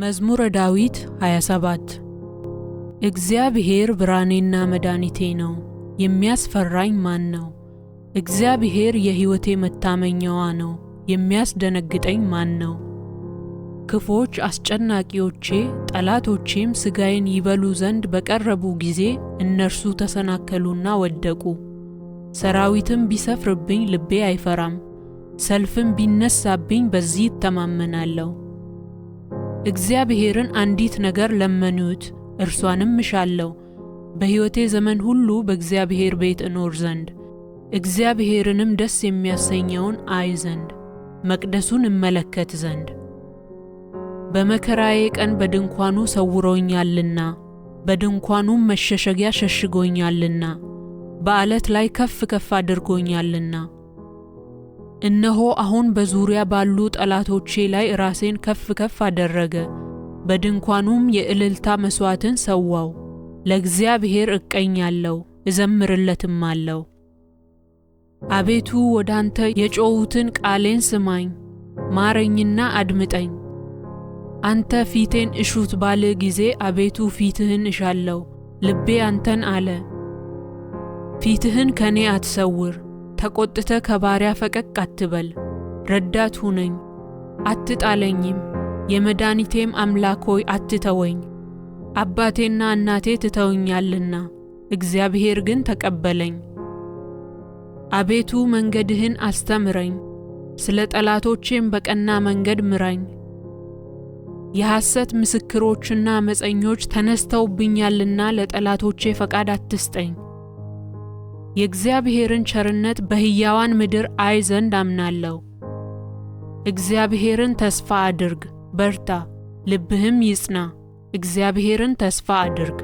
መዝሙረ ዳዊት 27 እግዚአብሔር ብርሃኔና መድኃኒቴ ነው፣ የሚያስፈራኝ ማን ነው? እግዚአብሔር የሕይወቴ መታመኛዋ ነው፣ የሚያስደነግጠኝ ማን ነው? ክፎች አስጨናቂዎቼ ጠላቶቼም ሥጋዬን ይበሉ ዘንድ በቀረቡ ጊዜ እነርሱ ተሰናከሉና ወደቁ። ሰራዊትም ቢሰፍርብኝ ልቤ አይፈራም፣ ሰልፍም ቢነሳብኝ በዚህ እተማመናለሁ። እግዚአብሔርን አንዲት ነገር ለመኑት፣ እርሷንም እሻለሁ፣ በሕይወቴ ዘመን ሁሉ በእግዚአብሔር ቤት እኖር ዘንድ እግዚአብሔርንም ደስ የሚያሰኘውን አይ ዘንድ መቅደሱን እመለከት ዘንድ። በመከራዬ ቀን በድንኳኑ ሰውሮኛልና በድንኳኑም መሸሸጊያ ሸሽጎኛልና በዓለት ላይ ከፍ ከፍ አድርጎኛልና እነሆ አሁን በዙሪያ ባሉ ጠላቶቼ ላይ ራሴን ከፍ ከፍ አደረገ፣ በድንኳኑም የእልልታ መሥዋዕትን ሰዋው። ለእግዚአብሔር እቀኛለሁ እዘምርለትም አለው። አቤቱ ወደ አንተ የጮሁትን ቃሌን ስማኝ፣ ማረኝና አድምጠኝ። አንተ ፊቴን እሹት ባለ ጊዜ አቤቱ ፊትህን እሻለሁ፣ ልቤ አንተን አለ። ፊትህን ከኔ አትሰውር ተቆጥተ ከባሪያ ፈቀቅ አትበል፣ ረዳት ሁነኝ፣ አትጣለኝም። የመድኃኒቴም አምላክ ሆይ አትተወኝ። አባቴና እናቴ ትተውኛልና እግዚአብሔር ግን ተቀበለኝ። አቤቱ መንገድህን አስተምረኝ፣ ስለ ጠላቶቼም በቀና መንገድ ምራኝ። የሐሰት ምስክሮችና ዓመፀኞች ተነስተውብኛልና ለጠላቶቼ ፈቃድ አትስጠኝ። የእግዚአብሔርን ቸርነት በሕያዋን ምድር አይ ዘንድ አምናለሁ። እግዚአብሔርን ተስፋ አድርግ፣ በርታ፣ ልብህም ይጽና። እግዚአብሔርን ተስፋ አድርግ።